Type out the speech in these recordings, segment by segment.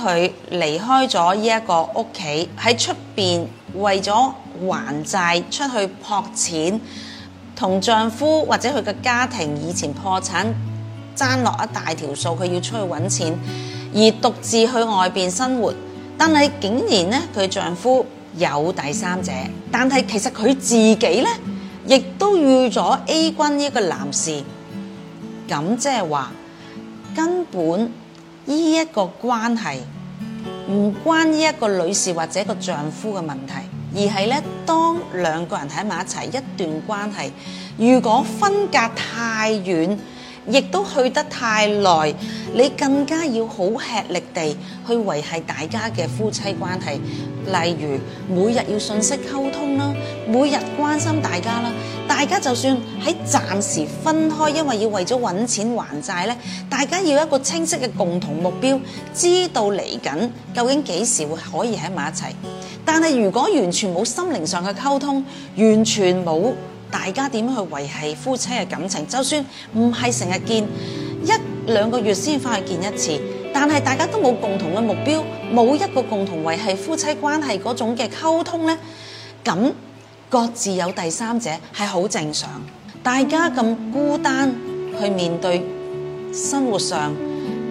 佢離開咗呢一個屋企，喺出邊為咗還債出去撲錢，同丈夫或者佢嘅家庭以前破產爭落一大條數，佢要出去揾錢，而獨自去外邊生活。但係竟然呢，佢丈夫有第三者，但係其實佢自己呢，亦都遇咗 A 君呢一個男士，咁即係話根本。呢一個關係唔關呢一個女士或者個丈夫嘅問題，而係咧，當兩個人喺埋一齊一段關係，如果分隔太遠，亦都去得太耐，你更加要好吃力地去維繫大家嘅夫妻關係，例如，每日要信息溝通啦，每日關心大家啦。大家就算喺暫時分開，因為要為咗揾錢還債咧，大家要一個清晰嘅共同目標，知道嚟緊究竟幾時會可以喺埋一齊，但係如果完全冇心靈上嘅溝通，完全冇。大家點樣去維繫夫妻嘅感情？就算唔係成日見，一兩個月先翻去見一次，但係大家都冇共同嘅目標，冇一個共同維繫夫妻關係嗰種嘅溝通呢。咁各自有第三者係好正常。大家咁孤單去面對生活上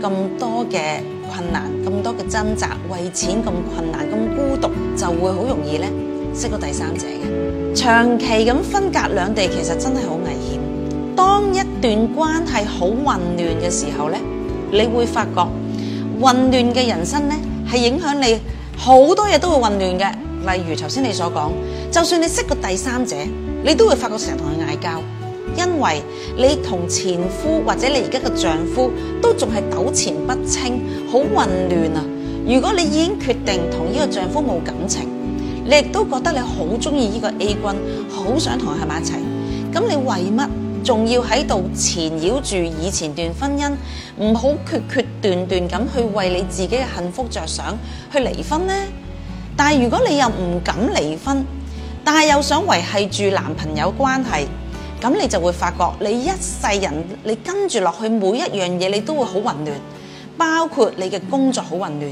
咁多嘅困難，咁多嘅掙扎，為錢咁困難，咁孤獨，就會好容易呢。識個第三者嘅，長期咁分隔兩地，其實真係好危險。當一段關係好混亂嘅時候呢，你會發覺混亂嘅人生呢係影響你好多嘢，都會混亂嘅。例如頭先你所講，就算你識個第三者，你都會發覺成日同佢嗌交，因為你同前夫或者你而家嘅丈夫都仲係糾纏不清，好混亂啊。如果你已經決定同呢個丈夫冇感情。你亦都覺得你好鍾意呢個 A 君，好想同佢喺埋一齊。咁你為乜仲要喺度纏繞住以前段婚姻？唔好決決斷斷咁去為你自己嘅幸福着想，去離婚呢？但係如果你又唔敢離婚，但係又想維係住男朋友關係，咁你就會發覺你一世人你跟住落去每一樣嘢你都會好混亂，包括你嘅工作好混亂。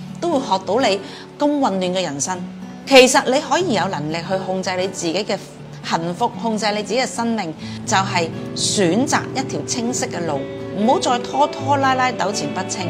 都會學到你咁混亂嘅人生。其實你可以有能力去控制你自己嘅幸福，控制你自己嘅生命，就係選擇一條清晰嘅路，唔好再拖拖拉拉、糾纏不清。